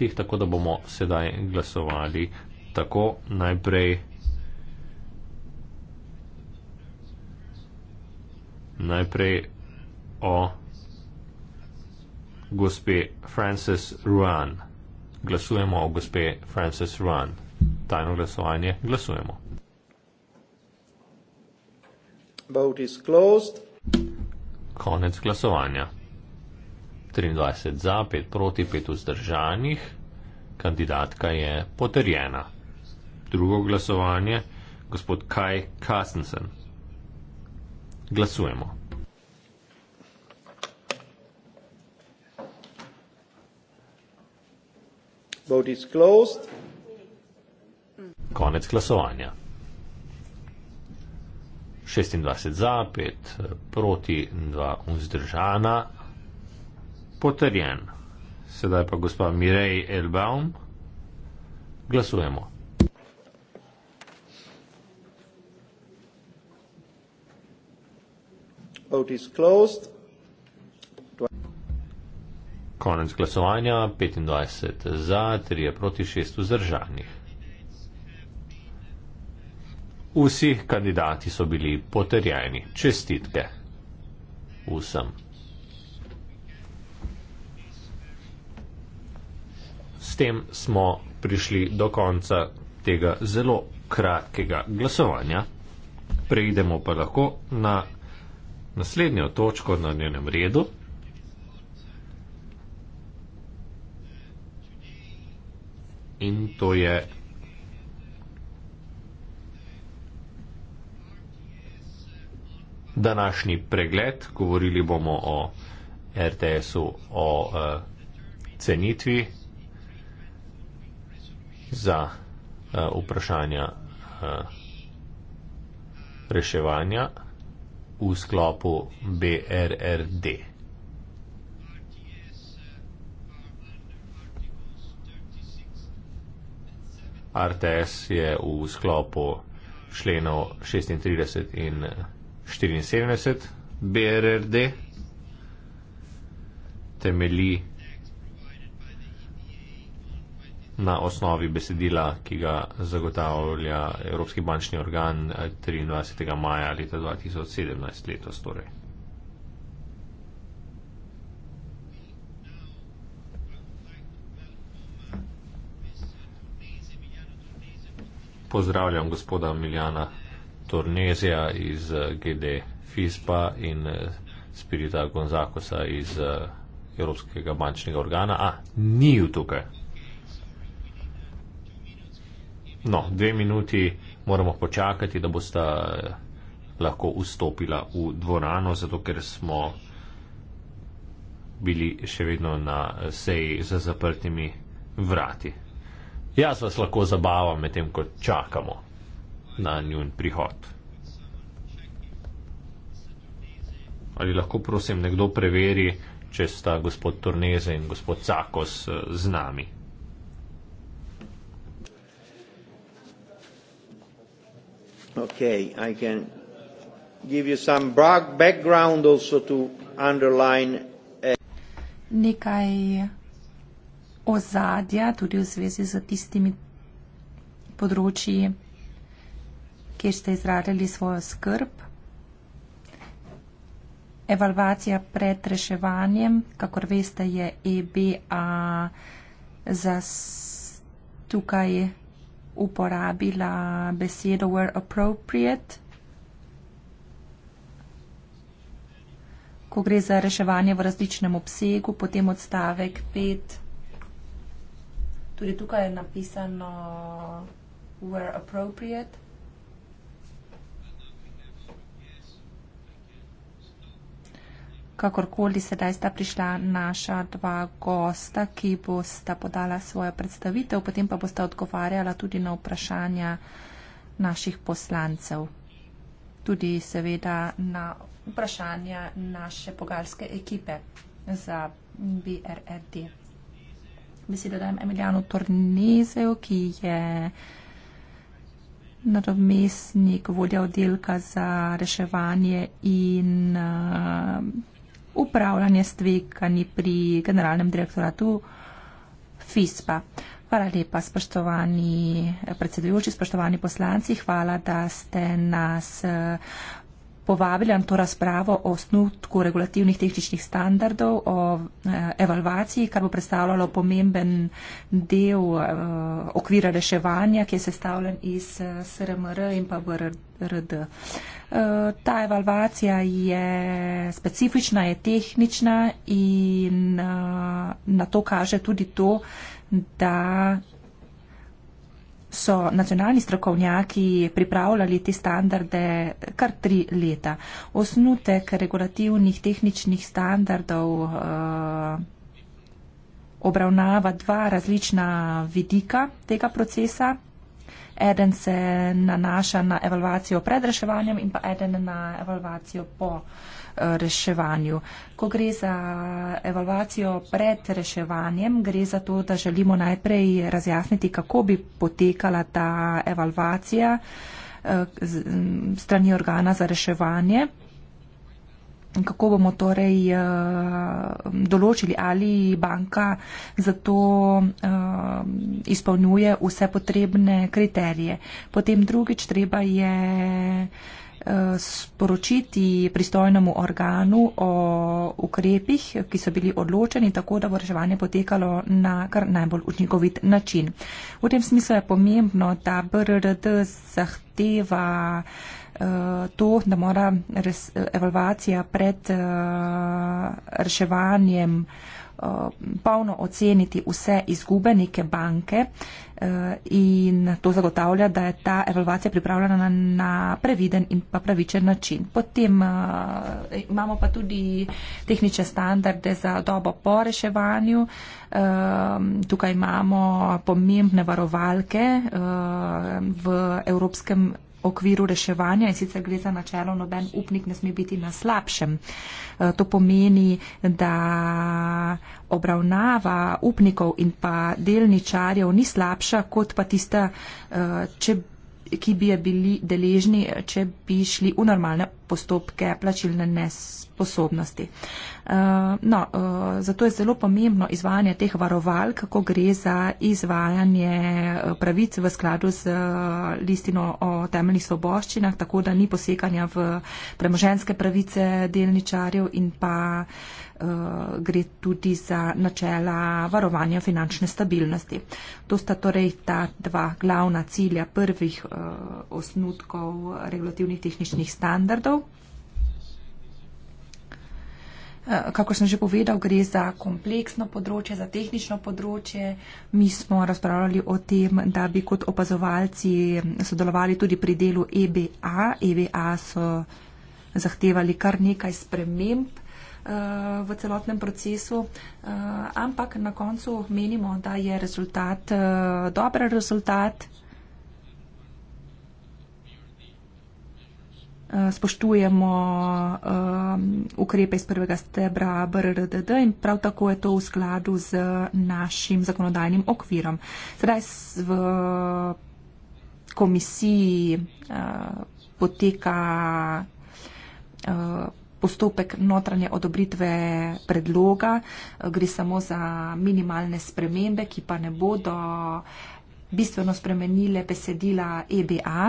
tih, tako da bomo sedaj glasovali tako najprej. Najprej o gospe Frances Ruan. Glasujemo o gospe Frances Ruan. Tajno glasovanje. Glasujemo. Vote is closed. Konec glasovanja. 23 za, 5 proti, 5 vzdržanih, kandidatka je potrjena. Drugo glasovanje, gospod Kaj Kastensen. Glasujemo. Vote is closed. Konec glasovanja. 26 za, 5 proti, 2 vzdržana potrjen. Sedaj pa gospa Mirej Elbaum. Glasujemo. Konec glasovanja, 25 za, 3 proti 6 vzdržanih. Vsi kandidati so bili potrjeni. Čestitke vsem. s tem smo prišli do konca tega zelo kratkega glasovanja. Preidemo pa lahko na naslednjo točko na njenem redu. In to je današnji pregled. Govorili bomo o RTS-u, o uh, cenitvi za uh, vprašanja uh, reševanja v sklopu BRRD. RTS je v sklopu členov 36 in 74 eh, BRRD temelji na osnovi besedila, ki ga zagotavlja Evropski bančni organ 23. Eh, maja leta 2017 letos. Torej. Pozdravljam gospoda Miljana Tornezija iz eh, GD FISPA in eh, Spirita Gonzakosa iz Evropskega bančnega organa. A, ni ju tukaj. No, dve minuti moramo počakati, da boste eh, lahko vstopila v dvorano, zato ker smo bili še vedno na eh, seji za zaprtimi vrati. Jaz vas lahko zabavam medtem, ko čakamo na njun prihod. Ali lahko prosim nekdo preveri, če sta gospod Torneze in gospod Cakos eh, z nami? Okay, I can give you some background also to underline. Eh, Nekaj ozadja tudi v zvezi z tistimi področji, kjer ste izradili svojo skrb. Evalvacija pred reševanjem, kakor veste, je EBA za tukaj uporabila besedo were appropriate. Ko gre za reševanje v različnem obsegu, potem odstavek 5. Tudi tukaj je napisano were appropriate. Kakorkoli sedaj sta prišla naša dva gosta, ki bosta podala svojo predstavitev, potem pa bosta odgovarjala tudi na vprašanja naših poslancev. Tudi seveda na vprašanja naše pogalske ekipe za BRRD. Besedo dajem Emiljanu Tornezeju, ki je nadomestnik vodja oddelka za reševanje in uh, upravljanje s tveganji pri generalnem direktoratu FISPA. Hvala lepa, spoštovani predsedujoči, spoštovani poslanci. Hvala, da ste nas uh, povabili na to razpravo o snutku regulativnih tehničnih standardov, o eh, evalvaciji, kar bo predstavljalo pomemben del eh, okvira reševanja, ki je sestavljen iz eh, SRMR in pa VRD. Ta evalvacija je specifična, je tehnična in na to kaže tudi to, da so nacionalni strokovnjaki pripravljali te standarde kar tri leta. Osnutek regulativnih tehničnih standardov eh, obravnava dva različna vidika tega procesa. Eden se nanaša na evalvacijo pred reševanjem in pa eden na evalvacijo po reševanju reševanju. Ko gre za evalvacijo pred reševanjem, gre za to, da želimo najprej razjasniti, kako bi potekala ta evalvacija eh, strani organa za reševanje. Kako bomo torej eh, določili, ali banka za to eh, izpolnjuje vse potrebne kriterije. Potem drugič treba je Eh, sporočiti pristojnemu organu o ukrepih, ki so bili odločeni, tako da bo reševanje potekalo na kar najbolj učinkovit način. V tem smislu je pomembno, da BRRD zahteva eh, to, da mora res, evalvacija pred uh, reševanjem uh, Eh, polno oceniti vse izgube neke banke eh, in to zagotavlja, da je ta evalvacija pripravljena na, na previden in pa pravičen način. Potem uh, imamo pa tudi tehnične standarde za dobo po reševanju. Uh, tukaj imamo pomembne varovalke uh, v Evropskem okviru reševanja in sicer gre za načelo, noben upnik ne sme biti na slabšem. E, to pomeni, da obravnava upnikov in pa delničarjev ni slabša kot pa tista, e, če, ki bi je bili deležni, če bi šli v normalne postopke plačilne nesposobnosti. Eh, no, eh, zato je zelo pomembno izvajanje teh varoval, kako gre za izvajanje eh, pravic v skladu z listino o temeljnih svoboščinah, tako da ni posekanja v premoženske pravice delničarjev in pa gre tudi za načela varovanja finančne stabilnosti. To sta torej ta dva glavna cilja prvih osnutkov regulativnih tehničnih standardov. Eh, Kako sem že povedal, gre za kompleksno področje, za tehnično področje. Mi smo razpravljali o tem, da bi kot opazovalci sodelovali tudi pri delu EBA. EBA so zahtevali kar nekaj sprememb eh, v celotnem procesu, eh, ampak na koncu menimo, da je rezultat dober rezultat. Eh, spoštujemo um, ukrepe iz prvega stebra BRRDD in prav tako je to v skladu z našim zakonodajnim okvirom. Sedaj v komisiji uh, poteka uh, postopek notranje odobritve predloga. Gre samo za minimalne spremembe, ki pa ne bodo bistveno spremenile besedila EBA.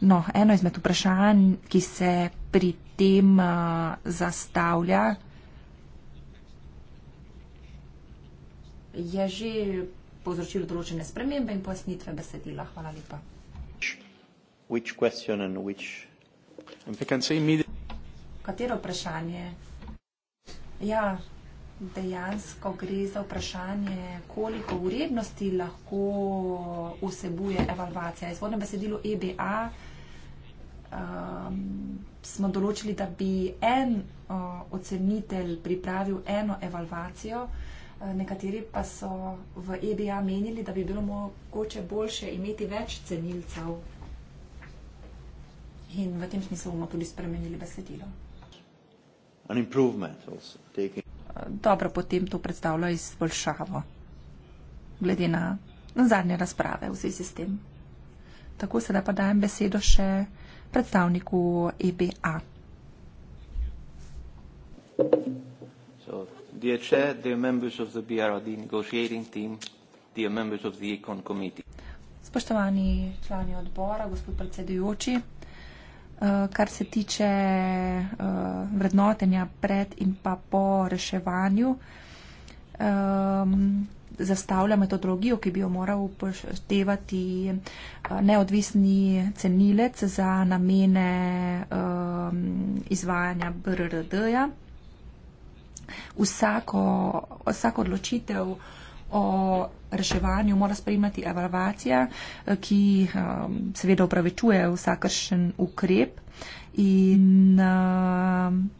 No, eno izmed vprašanj, ki se pri tem uh, zastavlja, je že povzročilo določene spremembe in pojasnitve besedila. Hvala lepa. Which question and which... Katero vprašanje? Ja, dejansko gre za vprašanje, koliko vrednosti lahko vsebuje evalvacija. Izvodno besedilo EBA um, smo določili, da bi en uh, ocenitelj pripravil eno evalvacijo, uh, nekateri pa so v EBA menili, da bi bilo mogoče boljše imeti več cenilcev. In v tem smislu bomo tudi spremenili besedilo. Taking... E, dobro, potem to predstavlja izboljšavo, glede na zadnje razprave v zvezi s tem. Tako sedaj pa dajem besedo še predstavniku EBA. Spoštovani člani odbora, gospod predsedujoči, eh, kar se tiče eh, vrednotenja pred in pa po reševanju, eh, zastavlja metodologijo, ki bi jo moral upoštevati eh, neodvisni cenilec za namene um, izvajanja BRRD-ja. Vsako, vsako odločitev o reševanju mora spremljati evalvacija, eh, ki um, seveda upravičuje vsakršen ukrep in um,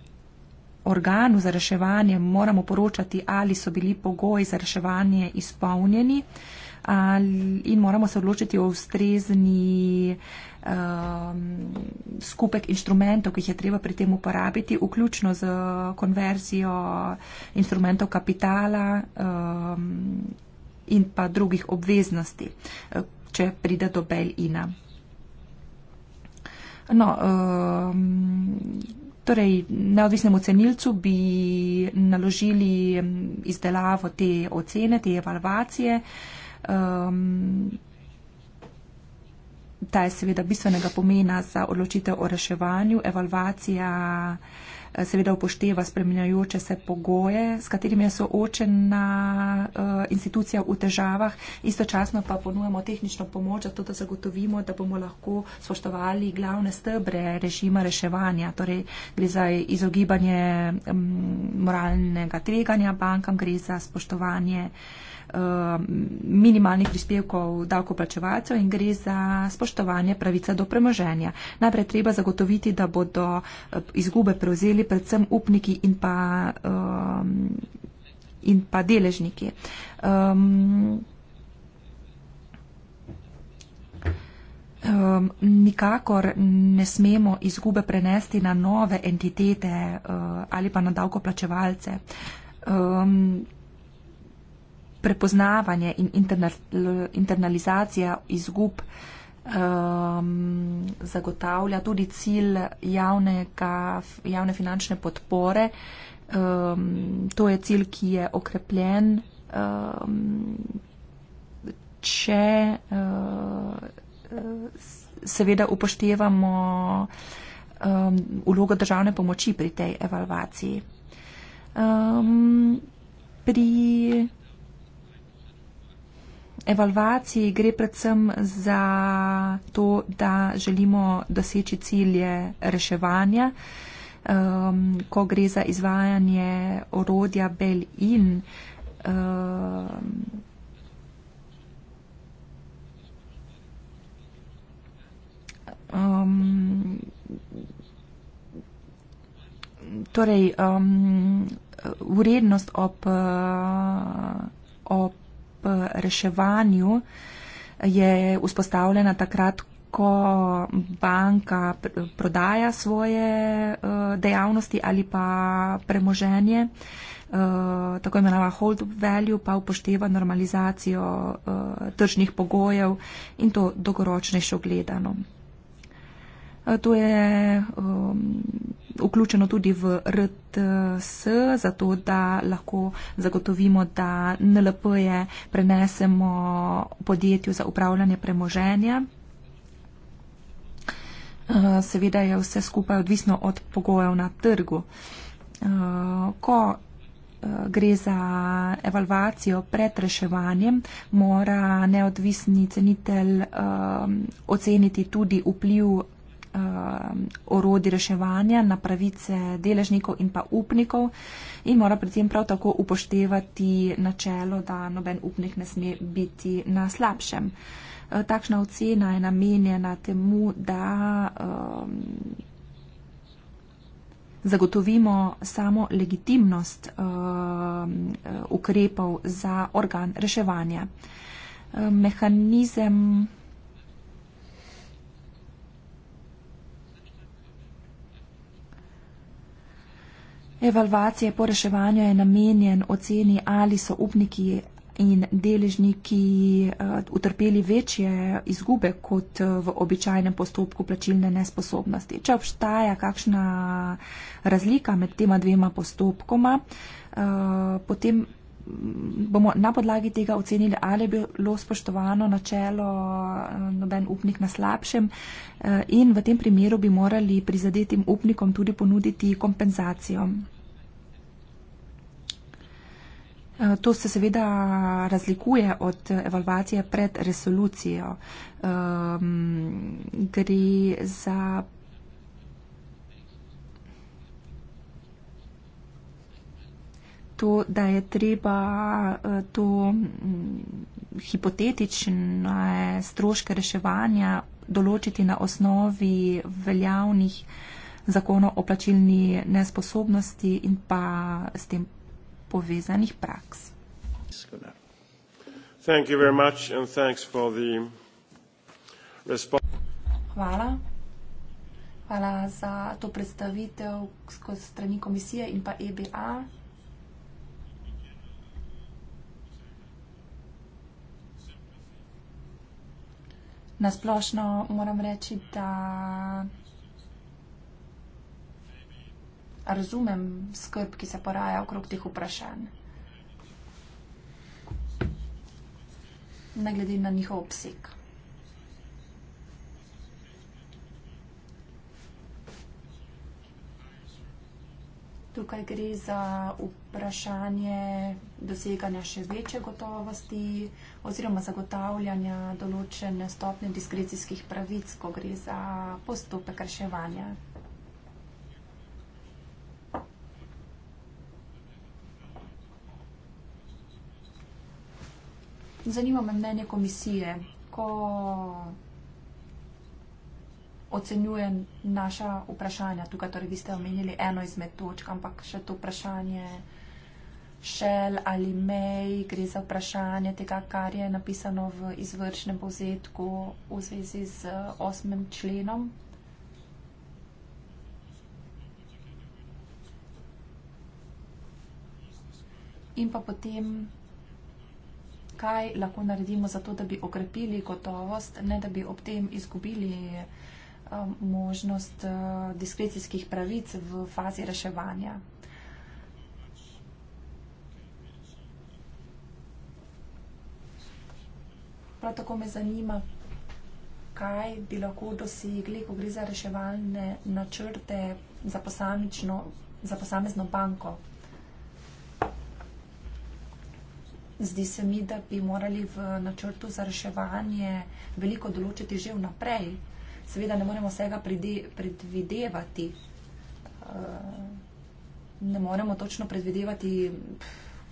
organu za reševanje moramo poročati, ali so bili pogoji za reševanje izpolnjeni in moramo se odločiti o ustrezni um, skupek inštrumentov, ki jih je treba pri tem uporabiti, vključno z konverzijo instrumentov kapitala um, in pa drugih obveznosti, če pride do bel ina. No, um, torej neodvisnemu cenilcu bi naložili mm, izdelavo te ocene, te evalvacije. Um, ta je seveda bistvenega pomena za odločitev o reševanju, evalvacija seveda upošteva spremenjajoče se pogoje, s katerimi je soočena eh, institucija v težavah. Istočasno pa ponujamo tehnično pomoč, zato da zagotovimo, da bomo lahko spoštovali glavne stebre režima reševanja. Torej, gre za izogibanje mm, moralnega tveganja bankam, gre za spoštovanje Eh, minimalnih prispevkov davkoplačevalcev in gre za spoštovanje pravice do premoženja. Najprej treba zagotoviti, da bodo eh, izgube prevzeli predvsem upniki in pa, um, in pa deležniki. Um, Um, nikakor ne smemo izgube prenesti na nove entitete uh, ali pa na davkoplačevalce. Um, prepoznavanje in internalizacija izgub um, zagotavlja tudi cilj javnega, javne finančne podpore. Um, to je cilj, ki je okrepljen, um, če uh, seveda upoštevamo um, ulogo državne pomoči pri tej evalvaciji. Um, pri evalvaciji gre predvsem za to, da želimo doseči cilje reševanja. Um, ko gre za izvajanje orodja Bel-In, um, um, torej, um, vrednost ob, uh, ob ob eh, reševanju je vzpostavljena takrat, ko banka prodaja svoje eh, dejavnosti ali pa premoženje, eh, tako imenova hold value, pa upošteva normalizacijo tržnih pogojev in to dogoročnejšo gledano. Eh, to je um, vključeno tudi v RTS, zato da lahko zagotovimo, da NLP-je prenesemo podjetju za upravljanje premoženja. Eh, seveda je vse skupaj odvisno od pogojev na trgu. Eh, ko gre za evalvacijo pred reševanjem, mora neodvisni cenitelj oceniti tudi vpliv Um, orodi reševanja na pravice deležnikov in pa upnikov in mora pri tem prav tako upoštevati načelo, da noben upnik ne sme biti na slabšem. Uh, takšna ocena je namenjena temu, da um, zagotovimo samo legitimnost um, ukrepov za organ reševanja. Um, mehanizem Evalvacije po reševanju je namenjen oceni, ali so upniki in deležniki eh, utrpeli večje izgube kot eh, v običajnem postopku plačilne nesposobnosti. Če obstaja kakšna razlika med tema dvema postopkoma, eh, potem bomo na podlagi tega ocenili, ali je bilo spoštovano načelo eh, noben upnik na slabšem eh, in v tem primeru bi morali prizadetim upnikom tudi ponuditi kompenzacijo. Eh, to se seveda razlikuje od evalvacije pred resolucijo. Um, gre za to, da je treba eh, to mm, hipotetične stroške reševanja določiti na osnovi veljavnih zakonov o plačilni nesposobnosti in pa s tem povezanih praks. Hvala. Hvala za to predstavitev skozi strani komisije in pa EBA. nasplošno moram reči, da razumem skrb, ki se poraja okrog teh vprašanj. Ne glede na njihov obseg. Tukaj gre za vprašanje doseganja še večje gotovosti, oziroma zagotavljanja določene stopne diskrecijskih pravic, ko gre za postope krševanja. Zanima me mnenje komisije, ko ocenjuje naša vprašanja. Tukaj torej vi ste omenili eno izmed točk, ampak še to vprašanje šel ali mej, gre za vprašanje tega, kar je napisano v izvršnem povzetku v zvezi z eh, osmem členom. In pa potem, kaj lahko naredimo za to, da bi okrepili gotovost, ne da bi ob tem izgubili um, možnost uh, diskrecijskih pravic v fazi reševanja. Prav tako me zanima, kaj bi lahko dosegli, ko gre za reševalne načrte za, za posamezno banko. Zdi se mi, da bi morali v načrtu za reševanje veliko določiti že vnaprej. Seveda ne moremo vsega predvidevati. Eh, ne moremo točno predvidevati,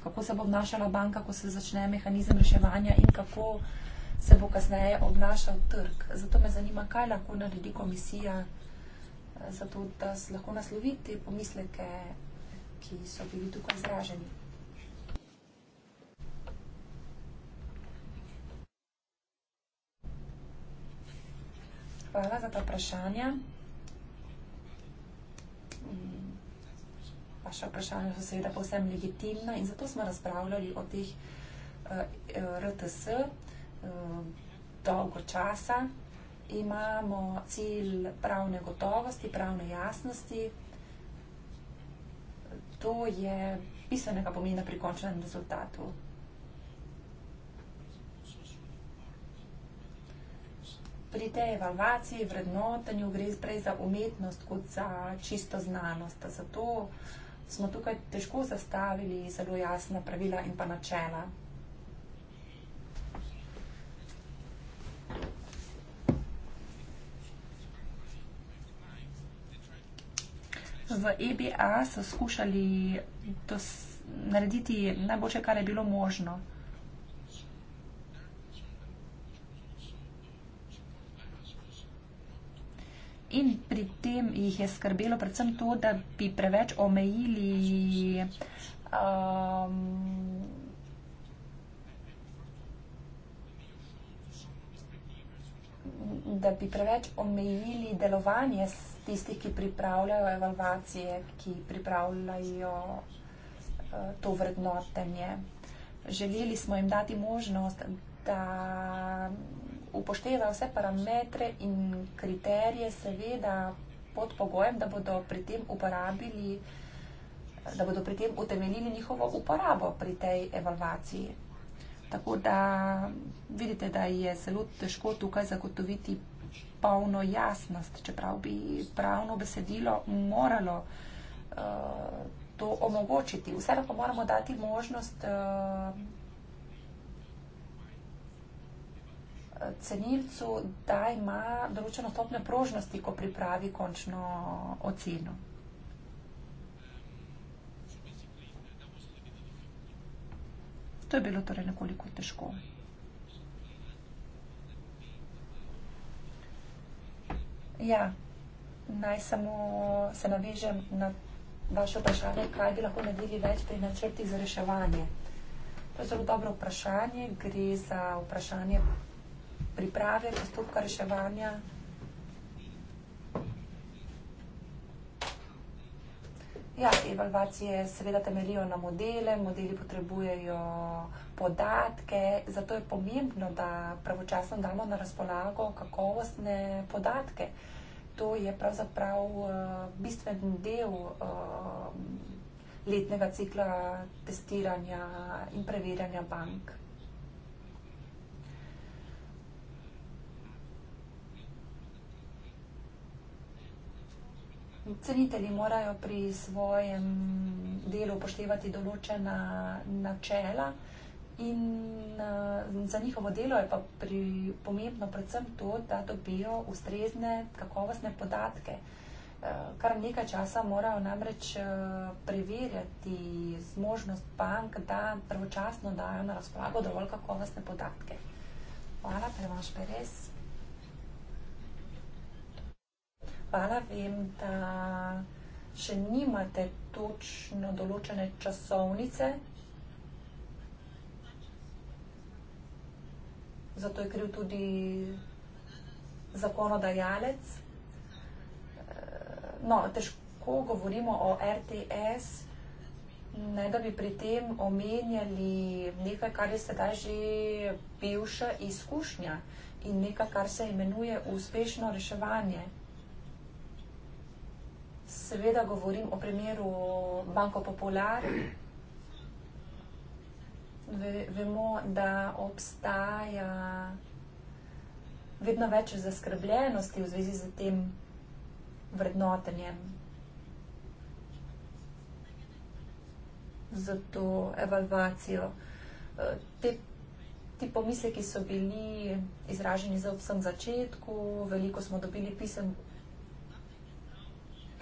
kako se bo obnašala banka, ko se začne mehanizem reševanja in kako se bo kasneje obnašal trg. Zato me zanima, kaj lahko naredi komisija, eh, zato da lahko naslovi te pomisleke, ki so bili tukaj izraženi. Hvala za ta vprašanja. Mm, vaša vprašanja so seveda povsem legitimna in zato smo razpravljali o teh eh, RTS, Eh, dolgo časa, imamo cilj pravne gotovosti, pravne jasnosti. To je bistvenega pomena pri končnem rezultatu. Pri tej evalvaciji, vrednotenju gre prej za umetnost kot za čisto znanost. Zato smo tukaj težko zastavili zelo jasna pravila in pa načela. v EBA so skušali to narediti najboljše, kar je bilo možno. In pri tem jih je skrbelo predvsem to, da bi preveč omejili um, da bi preveč omejili delovanje tistih, ki pripravljajo evalvacije, ki pripravljajo eh, to vrednotenje. Želeli smo jim dati možnost, da upoštevajo vse parametre in kriterije, seveda pod pogojem, da bodo pri tem uporabili, da bodo pri tem utemeljili njihovo uporabo pri tej evalvaciji. Tako da vidite, da je zelo težko tukaj zagotoviti polno jasnost, čeprav bi pravno besedilo moralo uh, to omogočiti. Vse lahko moramo dati možnost uh, cenilcu, da ima določeno stopnjo prožnosti, ko pripravi končno oceno. To je bilo torej nekoliko težko. Ja, naj samo se navežem na vaše vprašanje, kaj bi lahko naredili več pri načrtih za reševanje. To je zelo dobro vprašanje. Gre za vprašanje priprave postopka reševanja. Ja, evalvacije seveda temeljijo na modele, modeli potrebujejo podatke, zato je pomembno, da pravočasno damo na razpolago kakovostne podatke. To je pravzaprav uh, bistven del uh, letnega cikla testiranja in preverjanja bank. Cenitelji morajo pri svojem delu upoštevati določena načela in eh, za njihovo delo je pa pri, pomembno predvsem to, da dobijo ustrezne kakovostne podatke. Eh, kar nekaj časa morajo namreč eh, preverjati zmožnost bank, da pravočasno dajo na razpolago dovolj kakovostne podatke. Hvala, Prevaš Perez. Hvala, vem, da še nimate točno določene časovnice. Zato je kriv tudi zakonodajalec. Eh, no, težko govorimo o RTS, ne da bi pri tem omenjali nekaj, kar je sedaj že bivša izkušnja in nekaj, kar se imenuje uspešno reševanje seveda govorim o primeru Banko Popular. Vemo, da obstaja vedno več zaskrbljenosti v zvezi z tem vrednotenjem. Za to evalvacijo. Eh, te, ti pomisleki so bili izraženi za vsem začetku, veliko smo dobili pisem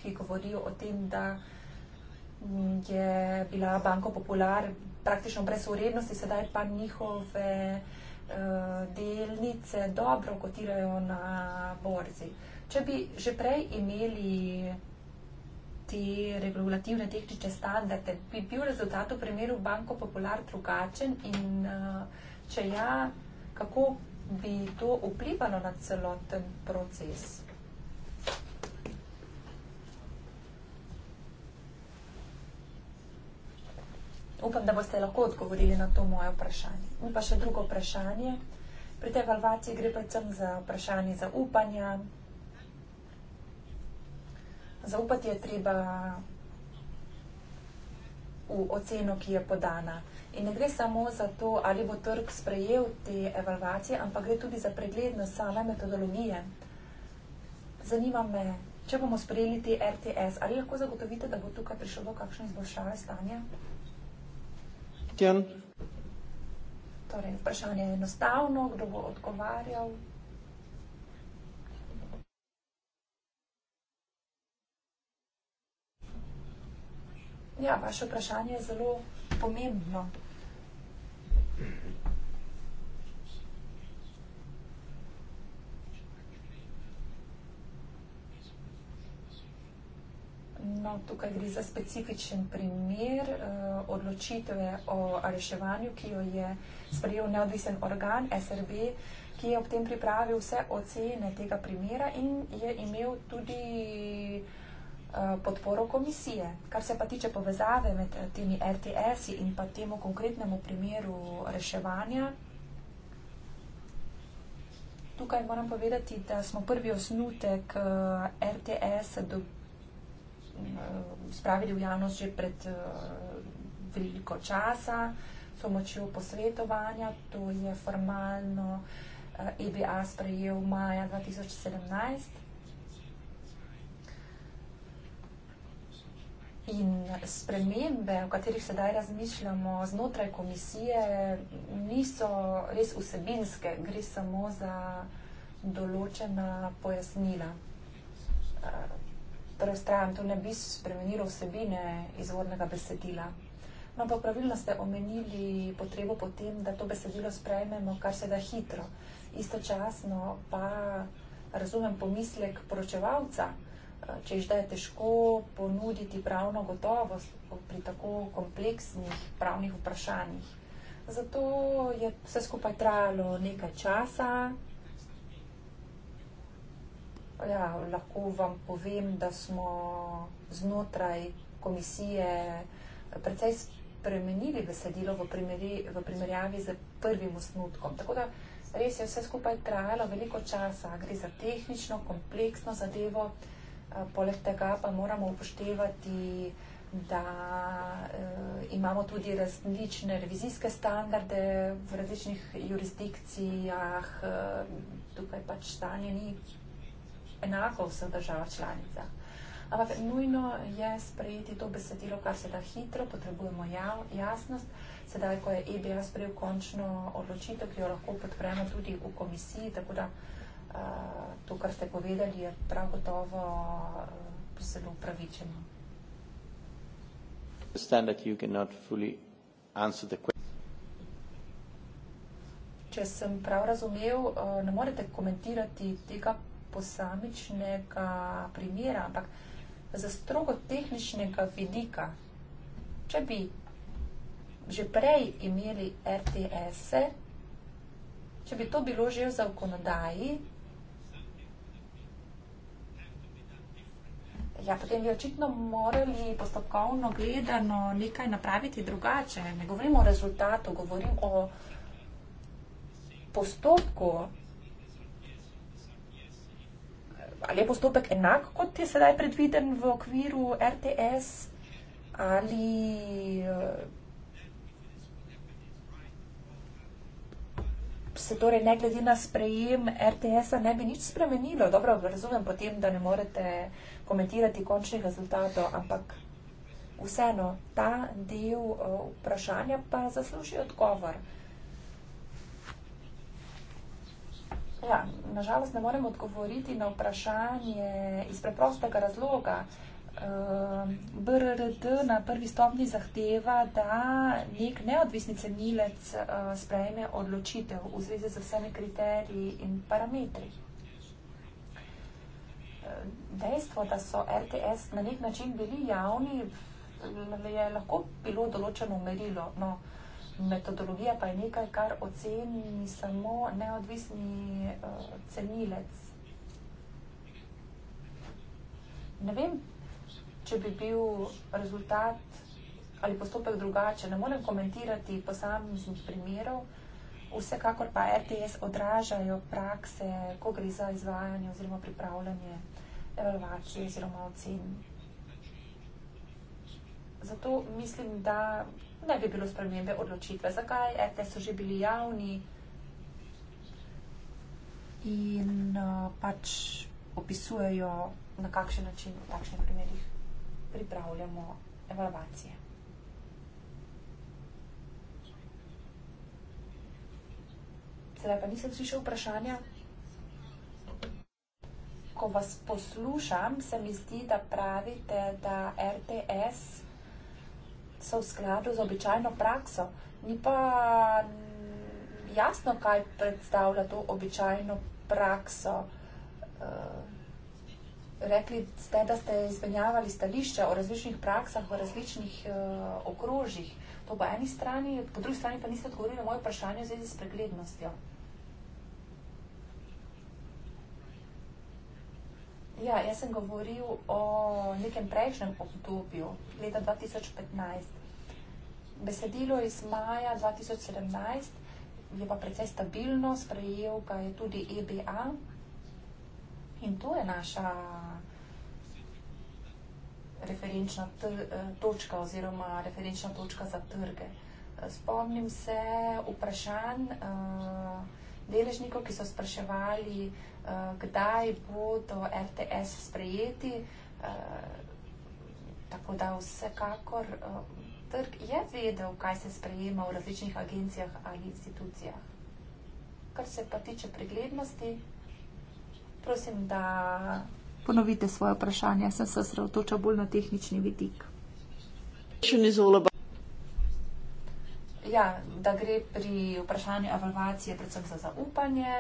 ki govori o tem, da mm, je bila banka popular praktično brez urednosti, sedaj pa njihove eh, delnice dobro kotirajo na borzi. Če bi že prej imeli te regulativne tehnične standarde, bi bil rezultat v primeru banko popular drugačen in eh, če ja, kako bi to vplivalo na celoten proces? Upam, da boste lahko odgovorili na to moje vprašanje. In pa še drugo vprašanje. Pri tej evalvaciji gre predvsem za vprašanje zaupanja. Zaupati je treba v oceno, ki je podana. In ne gre samo za to, ali bo trg sprejel te evalvacije, ampak gre tudi za preglednost same metodologije. Zanima me, če bomo sprejeli te RTS, ali lahko zagotovite, da bo tukaj prišlo do kakšne izboljšave stanja? Tjern. Torej, vprašanje je enostavno, kdo bo odgovarjal. Ja, vaše vprašanje je zelo pomembno. No, tukaj gre za specifičen primer uh, odločitve o areševanju, ki jo je sprejel neodvisen organ SRB, ki je ob tem pripravil vse ocene tega primera in je imel tudi eh, podporo komisije. Kar se pa tiče povezave med eh, temi RTS-i in pa temu konkretnemu primeru reševanja, tukaj moram povedati, da smo prvi osnutek RTS dobili Eh, spravili v javnost že pred eh, veliko časa s pomočjo posvetovanja. To je formalno EBA eh, e sprejel maja 2017. In spremembe, o katerih sedaj razmišljamo znotraj komisije, niso res vsebinske, gre samo za določena pojasnila torej vztrajam, tu ne bi spremenil vsebine izvornega besedila. No, pa pravilno ste omenili potrebo po tem, da to besedilo sprejmemo kar se da hitro. Istočasno pa razumem pomislek poročevalca, eh, če že je težko ponuditi pravno gotovost pri tako kompleksnih pravnih vprašanjih. Zato je vse skupaj trajalo nekaj časa, ja, lahko vam povem, da smo znotraj komisije precej spremenili besedilo v, primeri, v primerjavi z prvim osnutkom. Tako da res je vse skupaj trajalo veliko časa. Gre za tehnično, kompleksno zadevo. Poleg tega pa moramo upoštevati, da eh, imamo tudi različne revizijske standarde v različnih jurisdikcijah. Eh, tukaj pač stanje ni enako v vseh državah članicah. Ampak nujno je sprejeti to besedilo, kar se da hitro, potrebujemo jasnost. Sedaj, ko je EBA sprejel končno odločitev, ki jo lahko podpremo tudi v komisiji, tako da eh, to, kar ste povedali, je prav gotovo eh, zelo upravičeno. Če sem prav razumel, eh, ne morete komentirati tega posamičnega primera, ampak za strogo tehničnega vidika. Če bi že prej imeli RTS-e, če bi to bilo že v zakonodaji, Ja, potem bi očitno morali postopkovno gledano nekaj napraviti drugače. Ne govorimo o rezultatu, govorim o postopku ali je postopek enak, kot je sedaj predviden v okviru RTS, ali. Eh, se torej, ne glede na sprejem RTS-a, ne bi nič spremenilo. Dobro, razumem potem, da ne morete komentirati končnih rezultatov, ampak vseeno, ta del eh, vprašanja pa zasluži odgovor. Ja, nažalost ne morem odgovoriti na vprašanje iz preprostega razloga. Ehm, BRRD na prvi stopni zahteva, da nek neodvisni cenilec eh, sprejme odločitev v zvezi z vsemi kriteriji in parametri. Ehm, dejstvo, da so RTS na nek način bili javni, je lahko bilo določeno merilo. No, uh, metodologija pa je nekaj, kar oceni samo neodvisni uh, cenilec. Ne vem, če bi bil rezultat ali postopek drugače. Ne morem komentirati posameznih primerov. Vsekakor pa RTS odražajo prakse, ko gre za izvajanje oziroma pripravljanje evalvacije oziroma ocenje. Zato mislim, da ne bi bilo spremembe odločitve. Zakaj? Te so že bili javni. In uh, pač opisujejo, na kakšen način v takšnih primerih pripravljamo evalvacije. Sedaj pa nisem slišal vprašanja. Ko vas poslušam, se mi zdi, da pravite, da RTS so v skladu z običajno prakso. Ni pa jasno, kaj predstavlja to običajno prakso. Eh, rekli ste, da ste izmenjavali stališča o različnih praksah v različnih eh, okrožjih. To po eni strani, po drugi strani pa niste odgovorili na moje vprašanje v zvezi s preglednostjo. Ja, jaz sem govoril o nekem prejšnjem obdobju, leta 2015 besedilo iz maja 2017, je pa precej stabilno, sprejel ga je tudi EBA. In to je naša referenčna e, točka oziroma referenčna točka za trge. Spomnim se vprašanj e, deležnikov, ki so spraševali, e, kdaj bodo RTS sprejeti. Tako da vsekakor trg je vedel, kaj se sprejema v različnih agencijah ali institucijah. Kar se pa tiče preglednosti, prosim, da. Ponovite svoje vprašanje, sem se sredotočal bolj na tehnični vidik. Ja, da gre pri vprašanju evalvacije predvsem za zaupanje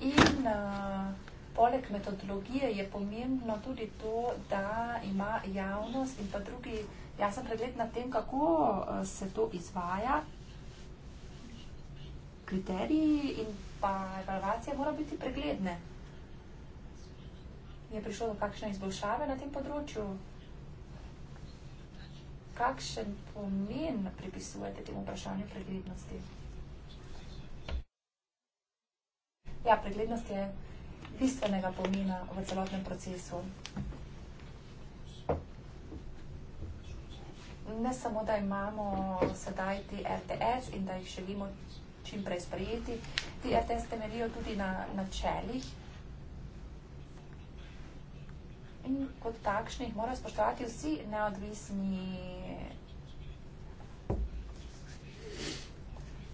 in. Uh, Poleg metodologije je pomembno tudi to, da ima javnost in pa drugi jasen pregled nad tem, kako eh, se to izvaja. Kriteriji in pa evalvacija mora biti pregledne. Je prišlo do kakšne izboljšave na tem področju? Kakšen pomen pripisujete temu vprašanju preglednosti? Ja, preglednost je bistvenega pomena v celotnem procesu. Ne samo, da imamo sedaj ti RTS in da jih želimo čim prej sprejeti, ti RTS temelijo tudi na načelih in kot takšnih morajo spoštovati vsi neodvisni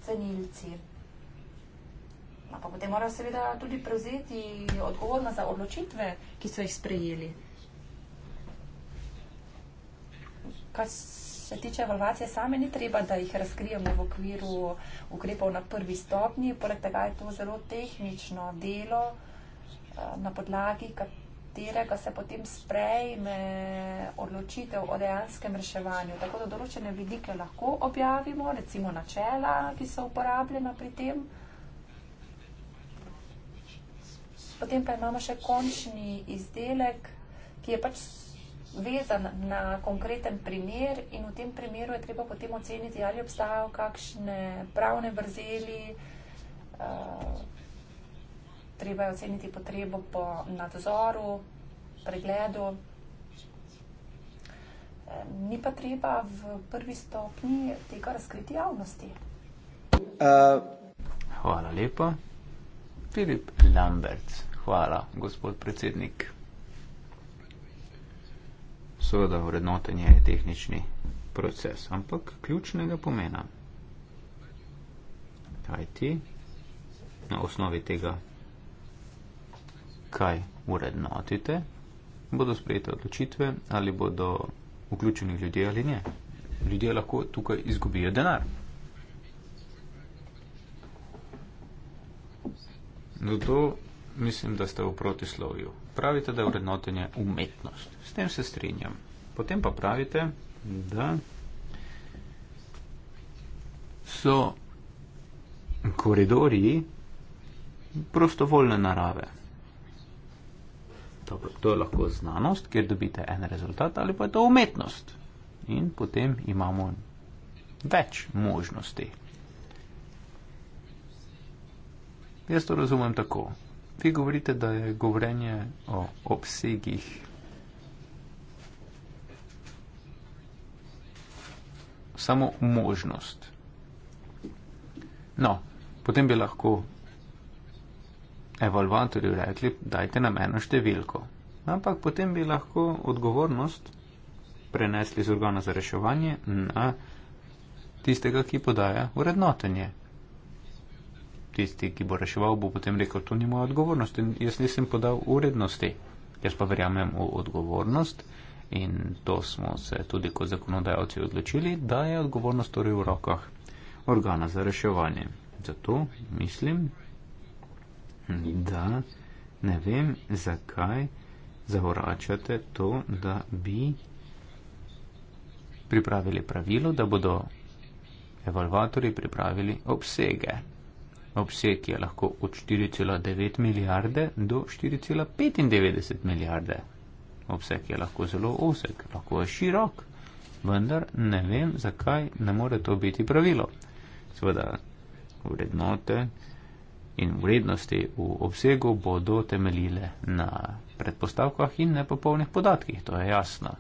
cenilci. Ampak potem morajo seveda tudi prevzeti odgovornost za odločitve, ki so jih sprejeli. Kar se tiče evalvacije same, ni treba, da jih razkrijemo v okviru ukrepov na prvi stopni. Poleg tega je to zelo tehnično delo, eh, na podlagi katerega se potem sprejme odločitev o dejanskem reševanju. Tako da določene vidike lahko objavimo, recimo načela, ki so uporabljena pri tem. Potem pa imamo še končni izdelek, ki je pač vezan na konkreten primer in v tem primeru je treba potem oceniti, ali obstajajo kakšne pravne vrzeli. Eh, treba je oceniti potrebo po nadzoru, pregledu. Eh, ni pa treba v prvi stopni tega razkriti javnosti. Uh, hvala lepa. Filip Lambert. Hvala, gospod predsednik. Seveda, vrednotenje je tehnični proces, ampak ključnega pomena. Kaj ti na osnovi tega, kaj urednotite, bodo sprejete odločitve ali bodo vključeni ljudje ali ne. Ljudje lahko tukaj izgubijo denar. Zato mislim, da ste v protislovju. Pravite, da je vrednotenje umetnost. S tem se strinjam. Potem pa pravite, da so koridorji prostovoljne narave. Dobro, to je lahko znanost, kjer dobite en rezultat, ali pa je to umetnost. In potem imamo več možnosti. Jaz to razumem tako. Vi govorite, da je govorenje o obsegih. Samo možnost. No, potem bi lahko evalvatorju rekli, dajte nam eno številko. Ampak potem bi lahko odgovornost prenesli z organa za reševanje na tistega, ki podaja urednotenje tisti, ki bo reševal, bo potem rekel, to ni moja odgovornost in jaz nisem podal urednosti. Jaz pa verjamem v odgovornost in to smo se tudi kot zakonodajalci odločili, da je odgovornost torej v rokah organa za reševanje. Zato mislim, da ne vem, zakaj zavračate to, da bi pripravili pravilo, da bodo evalvatori pripravili obsege obseg je lahko od 4,9 milijarde do 4,95 milijarde. Obseg je lahko zelo osek, lahko je širok, vendar ne vem, zakaj ne more to biti pravilo. Seveda, vrednote in vrednosti v obsegu bodo temeljile na predpostavkah in nepopolnih podatkih, to je jasno.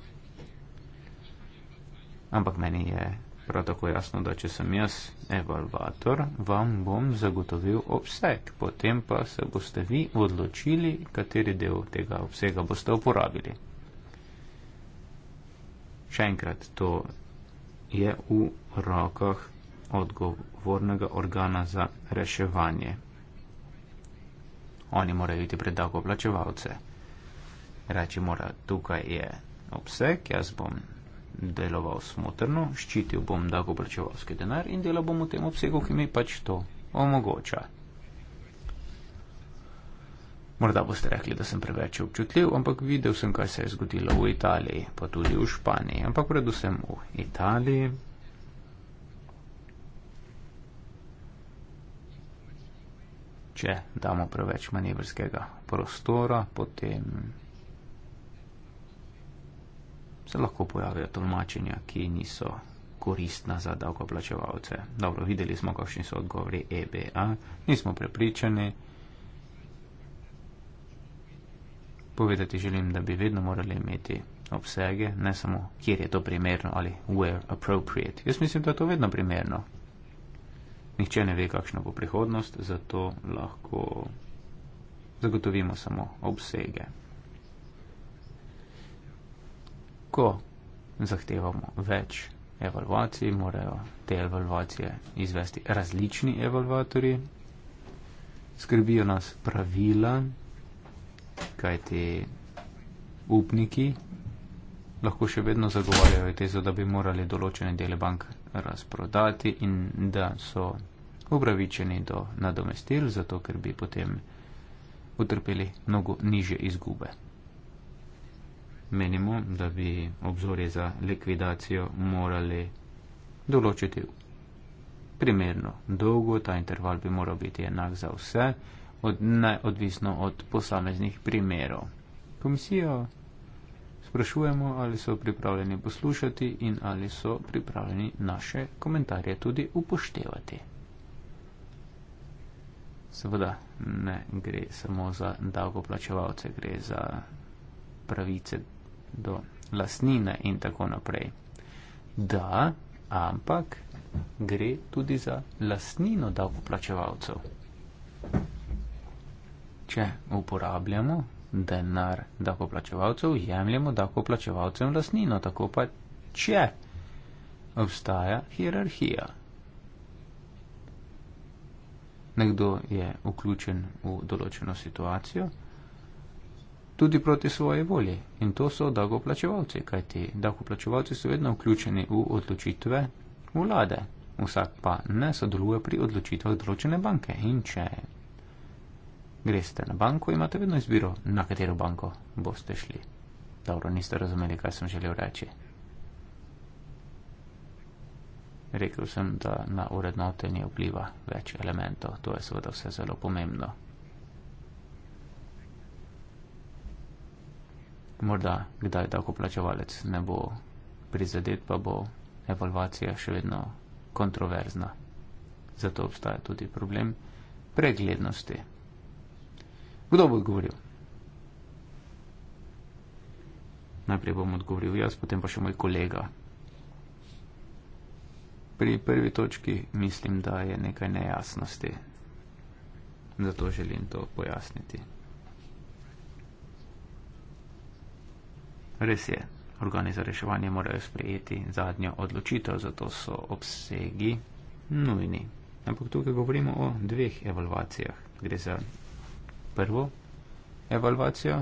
Ampak meni je prav tako jasno, da če sem jaz evalvator, vam bom zagotovil obseg, potem pa se boste vi odločili, kateri del tega obsega boste uporabili. Še enkrat, to je v rokah odgovornega organa za reševanje. Oni morajo iti pred davkoplačevalce. Reči mora, tukaj je obseg, jaz bom deloval smotrno, ščitil bom dagoplačevalski denar in delal bom v tem obsegu, ki mi pač to omogoča. Morda boste rekli, da sem preveč občutljiv, ampak videl sem, kaj se je zgodilo v Italiji, pa tudi v Španiji, ampak predvsem v Italiji. Če damo preveč manevrskega prostora, potem se lahko pojavijo tolmačenja, ki niso koristna za davkoplačevalce. Dobro, videli smo, kakšni so odgovori EBA, nismo prepričani. Povedati želim, da bi vedno morali imeti obsege, ne samo kjer je to primerno ali where appropriate. Jaz mislim, da je to vedno primerno. Nihče ne ve, kakšna bo prihodnost, zato lahko zagotovimo samo obsege. lahko zahtevamo več evalvacij, morajo te evalvacije izvesti različni evalvatori. Skrbijo nas pravila, kaj ti upniki lahko še vedno zagovarjajo tezo, da bi morali določene dele bank razprodati in da so upravičeni do nadomestil, zato ker bi potem utrpeli mnogo niže izgube menimo, da bi obzorje za likvidacijo morali določiti primerno dolgo. Ta interval bi moral biti enak za vse, od, neodvisno od posameznih primerov. Komisijo sprašujemo, ali so pripravljeni poslušati in ali so pripravljeni naše komentarje tudi upoštevati. Seveda ne gre samo za davkoplačevalce, gre za pravice do lasnine in tako naprej. Da, ampak gre tudi za lasnino davkoplačevalcev. Če uporabljamo denar davkoplačevalcev, jemljemo davkoplačevalcem lasnino, tako pa če obstaja hierarhija. Nekdo je vključen v določeno situacijo, tudi proti svoji volji. In to so davkoplačevalci, kajti davkoplačevalci so vedno vključeni v odločitve vlade. Vsak pa ne sodeluje pri odločitvah določene banke. In če greste na banko, imate vedno izbiro, na katero banko boste šli. Dobro, niste razumeli, kaj sem želel reči. Rekl sem, da na urednotenje vpliva več elementov. To je seveda vse zelo pomembno. morda kdaj davkoplačevalec ne bo prizadet, pa bo evalvacija še vedno kontroverzna. Zato obstaja tudi problem preglednosti. Kdo bo odgovoril? Najprej bom odgovoril jaz, potem pa še moj kolega. Pri prvi točki mislim, da je nekaj nejasnosti. Zato želim to pojasniti. Res je, organi za reševanje morajo sprejeti zadnjo odločitev, zato so obsegi nujni. Ampak tukaj govorimo o dveh evalvacijah. Gre za prvo evalvacijo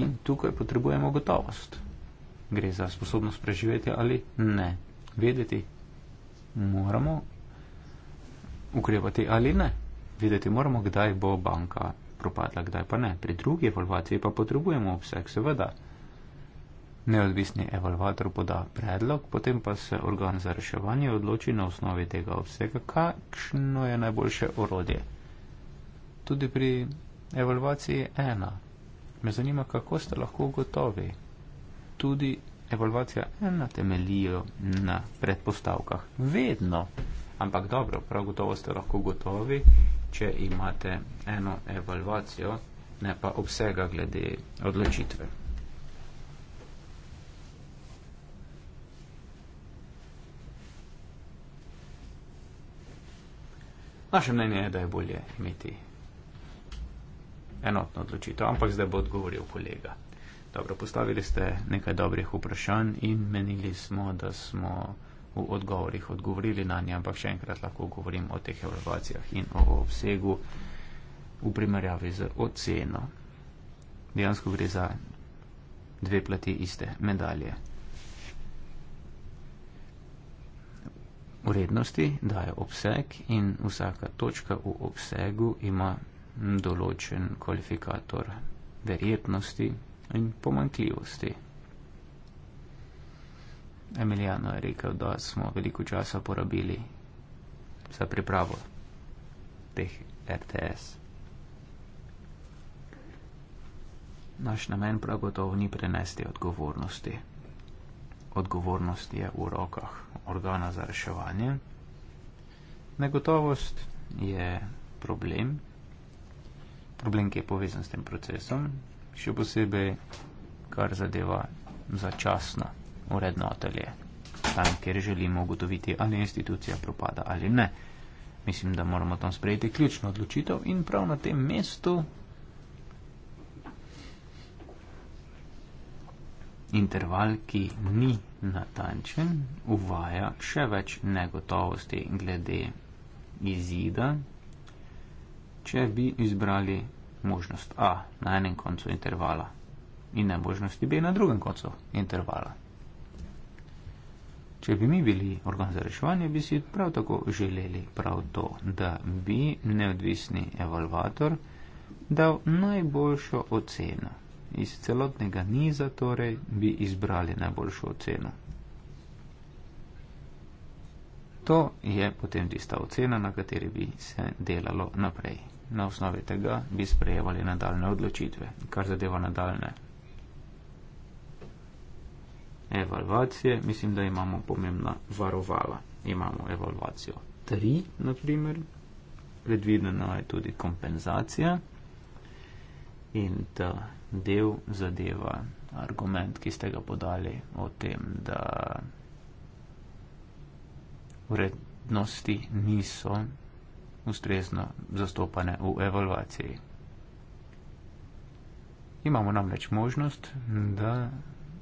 in tukaj potrebujemo gotovost. Gre za sposobnost preživeti ali ne. Vedeti moramo ukrepati ali ne. Vedeti moramo, kdaj bo banka propadla, kdaj pa ne. Pri drugi evalvaciji pa potrebujemo obseg, seveda. Neodvisni evalvator poda predlog, potem pa se organ za reševanje odloči na osnovi tega obsega, kakšno je najboljše orodje. Tudi pri evalvaciji ena me zanima, kako ste lahko gotovi. Tudi evalvacija ena temeljijo na predpostavkah. Vedno. Ampak dobro, prav gotovo ste lahko gotovi, če imate eno evalvacijo, ne pa obsega glede odločitve. Naše mnenje je, da je bolje imeti enotno odločitev, ampak zdaj bo odgovoril kolega. Dobro, postavili ste nekaj dobrih vprašanj in menili smo, da smo v odgovorih odgovorili na nje, ampak še enkrat lahko govorim o teh evalvacijah in o obsegu v primerjavi z oceno. Dejansko gre za dve plati iste medalje. Vrednosti daje obseg in vsaka točka v obsegu ima določen kvalifikator verjetnosti in pomankljivosti. Emiliano je rekel, da smo veliko časa porabili za pripravo teh RTS. Naš namen prav gotovo ni prenesti odgovornosti. Odgovornost je v rokah organa za reševanje. Negotovost je problem, problem, ki je povezan s tem procesom, še posebej, kar zadeva začasno urednotelje, tam, kjer želimo ugotoviti, ali institucija propada ali ne. Mislim, da moramo tam sprejeti ključno odločitev in prav na tem mestu interval, ki ni natančen, uvaja še več negotovosti glede izida. Če bi izbrali možnost A na enem koncu intervala in ne možnosti B na drugem koncu intervala. Če bi mi bili organ za reševanje, bi si prav tako želeli prav to, da bi neodvisni evalvator dal najboljšo oceno. Iz celotnega niza torej bi izbrali najboljšo oceno. To je potem tista ocena, na kateri bi se delalo naprej. Na osnovi tega bi sprejevali nadaljne odločitve. Kar zadeva nadaljne evalvacije, mislim, da imamo pomembna varovala. Imamo evalvacijo 3, naprimer, predvidena je tudi kompenzacija in ta del zadeva argument, ki ste ga podali o tem, da vrednosti niso ustrezno zastopane v evalvaciji. Imamo namreč možnost, da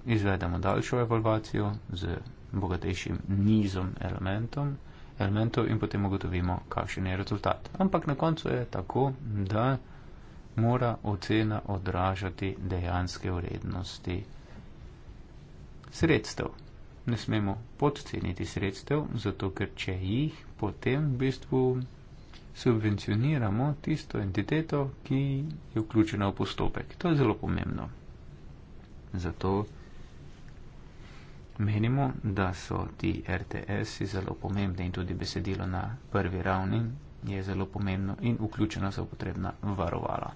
izvedemo daljšo evalvacijo z bogatejšim nizom elementom, elementov in potem ugotovimo, kakšen je rezultat. Ampak na koncu je tako, da mora ocena odražati dejanske vrednosti sredstev. Ne smemo podceniti sredstev, zato ker če jih, potem v bistvu subvencioniramo tisto entiteto, ki je vključena v postopek. To je zelo pomembno. Zato menimo, da so ti RTS zelo pomembni in tudi besedilo na prvi ravni je zelo pomembno in vključena so potrebna varovala.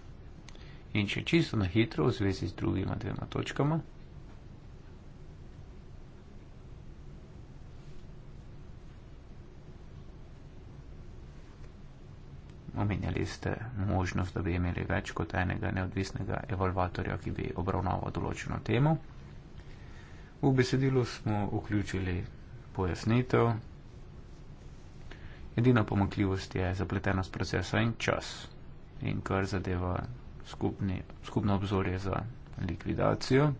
In če čisto na hitro v zvezi z drugima dvema točkama. Omenjali ste možnost, da bi imeli več kot enega neodvisnega evalvatorja, ki bi obravnaval določeno temo. V besedilu smo vključili pojasnitev. Edina pomakljivost je zapletenost procesa in čas. In kar zadeva skupni, skupno obzorje za likvidacijo,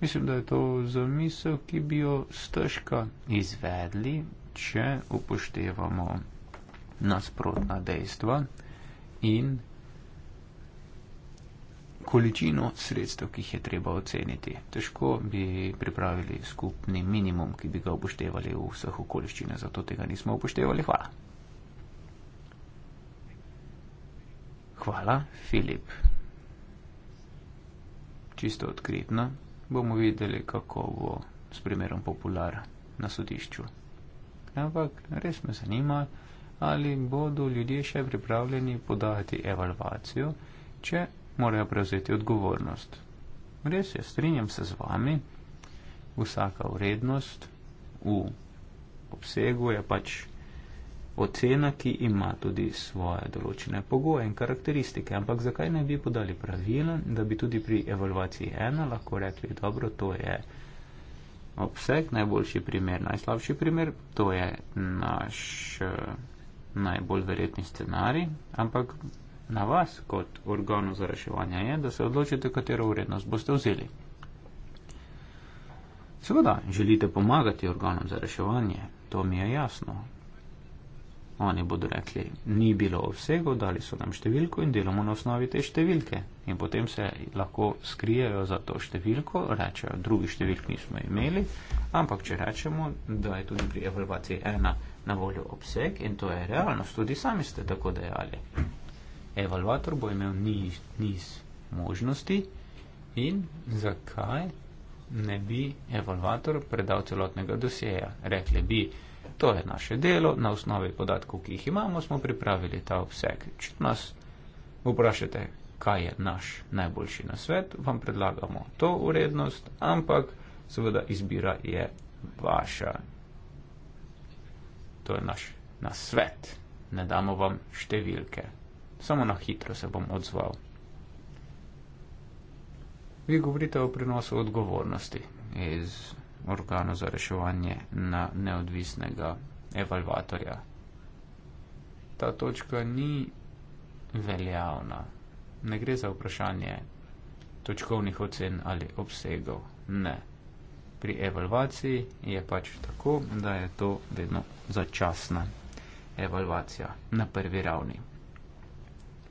mislim, da je to zamisel, ki bi jo stežka izvedli, če upoštevamo nasprotna dejstva in količino sredstev, ki jih je treba oceniti. Težko bi pripravili skupni minimum, ki bi ga upoštevali v vseh okoliščinah, zato tega nismo upoštevali. Hvala. Hvala, Filip. Čisto odkritno bomo videli, kako bo s primerom popular na sodišču. Ampak res me zanima, ali bodo ljudje še pripravljeni podati evalvacijo, če morajo prevzeti odgovornost. Res je, strinjam se z vami, vsaka vrednost v obsegu je pač ocena, ki ima tudi svoje določene pogoje in karakteristike. Ampak zakaj ne bi podali pravila, da bi tudi pri evalvaciji ena lahko rekli, dobro, to je obseg, najboljši primer, najslabši primer, to je naš eh, najbolj verjetni scenarij, ampak na vas kot organu za reševanje je, da se odločite, katero vrednost boste vzeli. Seveda, želite pomagati organom za reševanje, to mi je jasno. Oni bodo rekli, ni bilo obsegov, dali so nam številko in delamo na osnovi te številke. In potem se lahko skrijejo za to številko, rečejo, drugi številk nismo imeli, ampak če rečemo, da je tudi pri evalvaciji ena na voljo obseg in to je realnost, tudi sami ste tako dejali evaluator bo imel niz, niz možnosti in zakaj ne bi evaluator predal celotnega dosjeja. Rekli bi, to je naše delo, na osnovi podatkov, ki jih imamo, smo pripravili ta obseg. Če nas vprašate, kaj je naš najboljši na svet, vam predlagamo to urednost, ampak seveda izbira je vaša. To je naš na svet. Ne damo vam številke. Samo na hitro se bom odzval. Vi govorite o prenosu odgovornosti iz organa za reševanje na neodvisnega evalvatorja. Ta točka ni veljavna. Ne gre za vprašanje točkovnih ocen ali obsegov. Ne. Pri evalvaciji je pač tako, da je to vedno začasna evalvacija na prvi ravni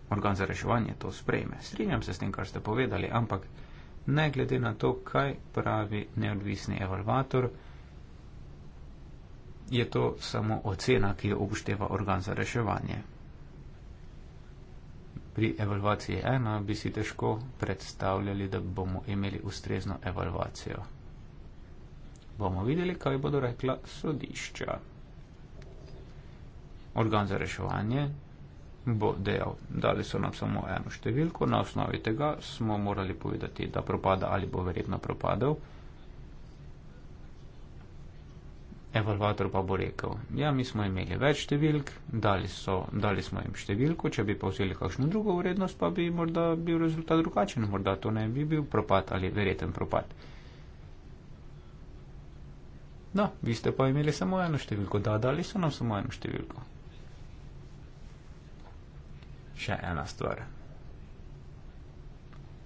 organ za reševanje to sprejme. Strinjam se s tem, kar ste povedali, ampak ne glede na to, kaj pravi neodvisni evalvator, je to samo ocena, ki jo upošteva organ za reševanje. Pri evalvaciji ena bi si težko predstavljali, da bomo imeli ustrezno evalvacijo. Bomo videli, kaj bodo rekla sodišča. Organ za reševanje bo dejal, dali so nam samo eno številko, na osnovi tega smo morali povedati, da propada ali bo verjetno propadel. Evalvator pa bo rekel, ja, mi smo imeli več številk, dali, so, dali smo jim številko, če bi pa vzeli kakšno drugo vrednost, pa bi morda bil rezultat drugačen, morda to ne bi bil propad ali verjeten propad. No, vi ste pa imeli samo eno številko, da, dali so nam samo eno številko še ena stvar.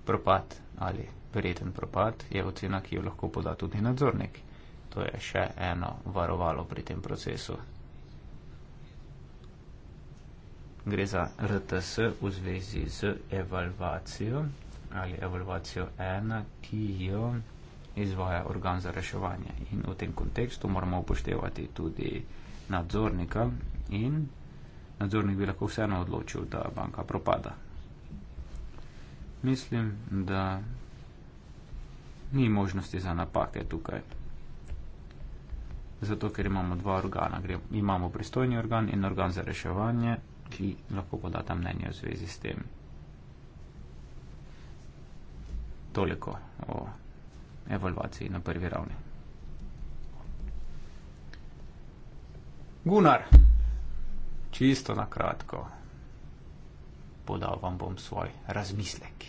Propad ali verjeten propad je ocena, ki jo lahko poda tudi nadzornik. To je še eno varovalo pri tem procesu. Gre za RTS v zvezi z evalvacijo ali evalvacijo ena, ki jo izvaja organ za reševanje. In v tem kontekstu moramo upoštevati tudi nadzornika in nadzornik bi lahko vseeno odločil, da banka propada. Mislim, da ni možnosti za napake tukaj. Zato, ker imamo dva organa. Imamo pristojni organ in organ za reševanje, ki lahko podata mnenje v zvezi s tem. Toliko o evalvaciji na prvi ravni. Gunnar čisto na kratko podal vam bom svoj razmislek.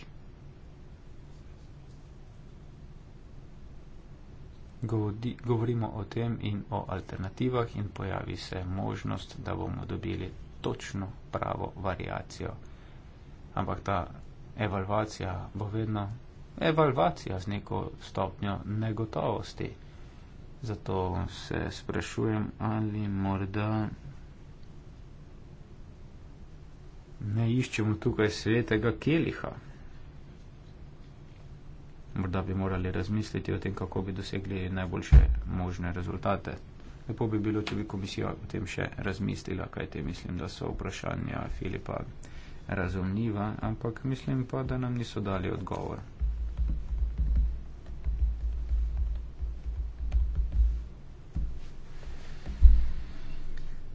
Govorimo o tem in o alternativah in pojavi se možnost, da bomo dobili točno pravo variacijo. Ampak ta evalvacija bo vedno evalvacija z neko stopnjo negotovosti. Zato se sprašujem, ali morda. ne iščemo tukaj svetega keliha. Morda bi morali razmisliti o tem, kako bi dosegli najboljše možne rezultate. Lepo bi bilo, če bi komisija o tem še razmislila, kaj te mislim, da so vprašanja Filipa razumljiva, ampak mislim pa, da nam niso dali odgovor.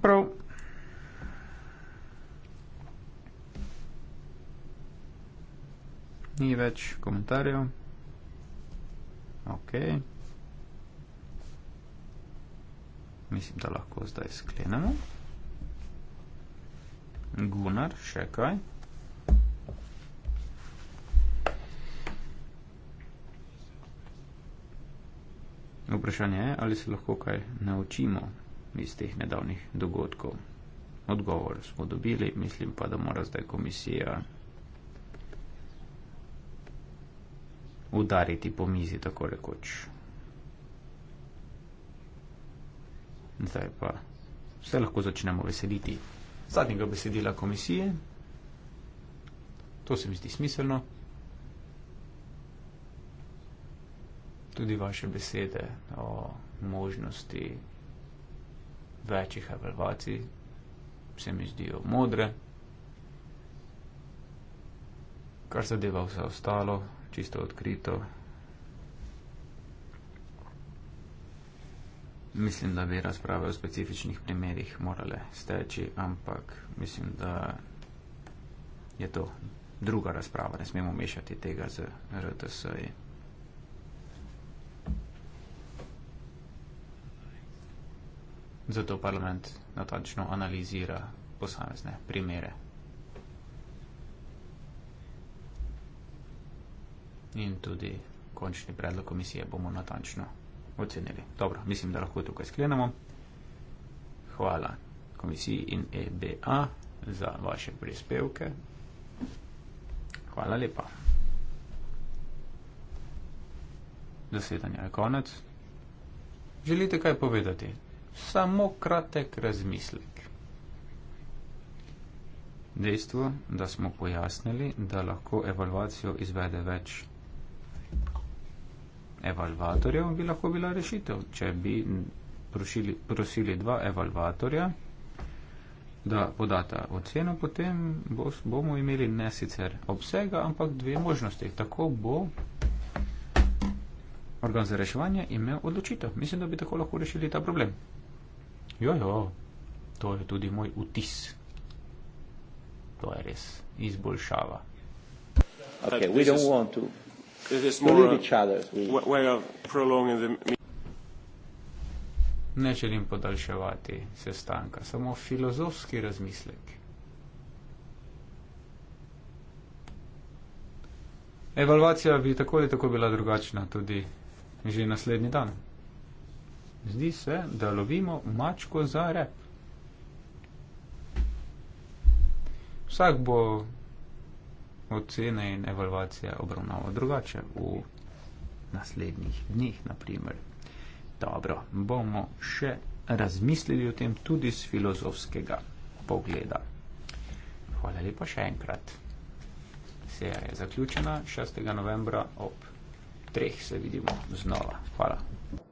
Prav. ni več komentarjev. Ok. Mislim, da lahko zdaj sklenemo. Gunnar, še kaj? Vprašanje je, ali se lahko kaj naučimo iz teh nedavnih dogodkov. Odgovor smo dobili, mislim pa, da mora zdaj komisija udariti po mizi, tako rekoč. Zdaj pa se lahko začnemo veseliti zadnjega besedila komisije. To se mi zdi smiselno. Tudi vaše besede o možnosti večjih evalvacij se mi zdijo modre. Kar zadeva vse ostalo, čisto odkrito. Mislim, da bi razprave o specifičnih primerih morale steči, ampak mislim, da je to druga razprava, ne smemo mešati tega z RTS-ji. Zato parlament natančno analizira posamezne primere. in tudi končni predlog komisije bomo natančno ocenili. Dobro, mislim, da lahko tukaj sklenemo. Hvala komisiji in EBA za vaše prispevke. Hvala lepa. Zasedanje je konec. Želite kaj povedati? Samo kratek razmislek. Dejstvo, da smo pojasnili, da lahko evalvacijo izvede več evalvatorjev bi lahko bila rešitev, če bi prosili, prosili dva evalvatorja, da podata oceno, potem bos, bomo imeli ne sicer obsega, ampak dve možnosti. Tako bo organ za reševanje imel odločitev. Mislim, da bi tako lahko rešili ta problem. Jojo, to je tudi moj vtis. To je res izboljšava. Okay, we don't want to storili each other. Ne želim podaljševati sestanka, samo filozofski razmislek. Evalvacija bi tako ali tako bila drugačna tudi že naslednji dan. Zdi se, da lovimo mačko za rep. Vsak bo ocene in evalvacije obravnava drugače v naslednjih dneh, naprimer. Dobro, bomo še razmislili o tem tudi z filozofskega pogleda. Hvala lepa še enkrat. Seja je zaključena 6. novembra ob 3. se vidimo znova. Hvala.